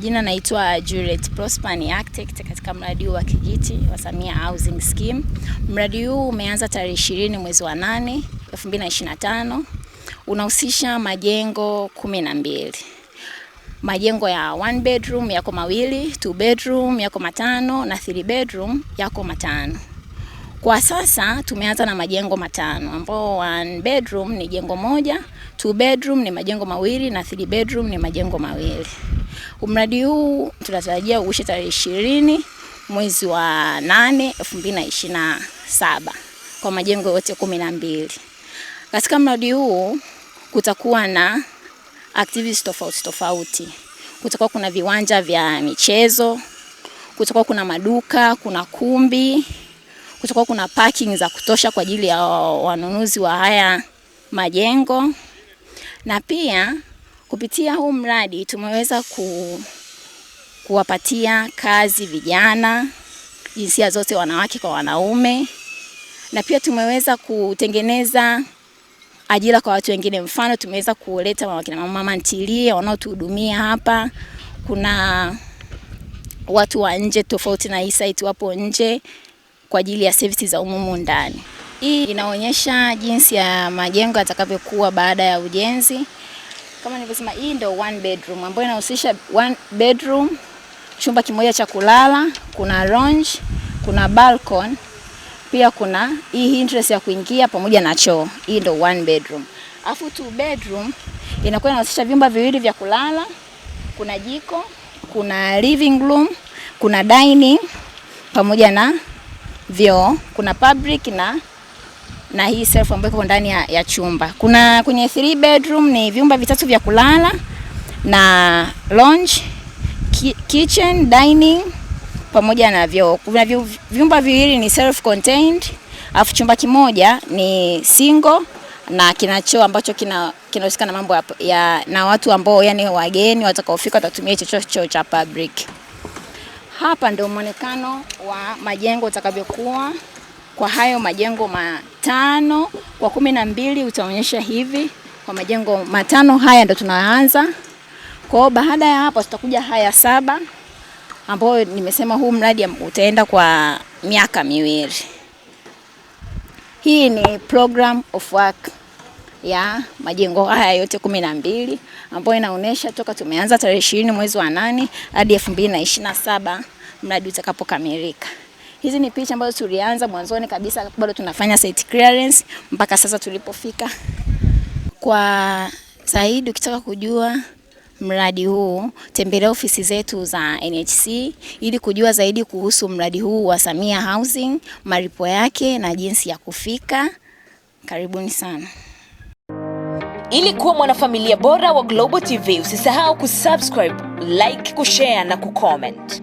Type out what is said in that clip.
majina naitwa Juliet Prosper, ni architect katika mradi huu wa Kigiti wa Samia Housing Scheme. Mradi huu umeanza tarehe 20 mwezi wa 8 2025, unahusisha majengo 12 majengo ya one bedroom yako mawili, two bedroom yako matano na three bedroom yako matano. Kwa sasa tumeanza na majengo matano ambao one bedroom ni jengo moja two bedroom ni majengo mawili na three bedroom ni majengo mawili. Mradi huu tunatarajia uishe tarehe ishirini mwezi wa nane elfu na saba kwa majengo yote kumi na mbili. Katika mradi huu kutakuwa na activities tofauti tofauti. Kutakuwa kuna viwanja vya michezo, kutakuwa kuna maduka, kuna kumbi, kutakuwa kuna parking za kutosha kwa ajili ya wanunuzi wa haya majengo na pia kupitia huu mradi tumeweza ku, kuwapatia kazi vijana jinsia zote, wanawake kwa wanaume, na pia tumeweza kutengeneza ajira kwa watu wengine. Mfano, tumeweza kuleta mama ntilie wanaotuhudumia hapa. Kuna watu wa nje tofauti na hii site, wapo nje kwa ajili ya services za umumu ndani. Hii inaonyesha jinsi ya majengo yatakavyokuwa baada ya ujenzi. Kama nilivyosema, hii ndio one bedroom ambayo inahusisha one bedroom, chumba kimoja cha kulala, kuna lounge, kuna balcony, pia kuna hii interest ya kuingia pamoja na choo. Hii ndio one bedroom. Afu two bedroom inakuwa inahusisha vyumba viwili vya kulala, kuna jiko, kuna living room, kuna dining pamoja na vyoo, kuna public na na hii self ambayo iko ndani ya, ya chumba. Kuna kwenye 3 bedroom ni vyumba vitatu vya kulala na lounge, ki, kitchen, dining pamoja na vyoo. Kuna vyumba viwili ni self contained, alafu chumba kimoja ni single na kina choo ambacho kina kinahusika na mambo ya, ya, na watu ambao yani wageni watakaofika watatumia hicho choo cha public. Hapa ndio mwonekano wa majengo utakavyokuwa. Kwa hayo majengo matano kwa kumi na mbili utaonyesha hivi kwa majengo matano haya ndo tunaanza. Kwa baada ya hapo tutakuja haya saba ambayo nimesema huu mradi utaenda kwa miaka miwili. Hii ni program of work ya majengo haya yote kumi na mbili ambayo inaonyesha toka tumeanza tarehe ishirini mwezi wa nane hadi elfu mbili na ishirini na saba mradi utakapokamilika. Hizi ni picha ambazo tulianza mwanzoni kabisa, bado tunafanya site clearance mpaka sasa tulipofika. Kwa zaidi ukitaka kujua mradi huu tembelea ofisi zetu za NHC ili kujua zaidi kuhusu mradi huu wa Samia Housing, malipo yake na jinsi ya kufika. Karibuni sana. Ili kuwa mwanafamilia bora wa Global TV, usisahau kusubscribe, like, kushare na kucomment.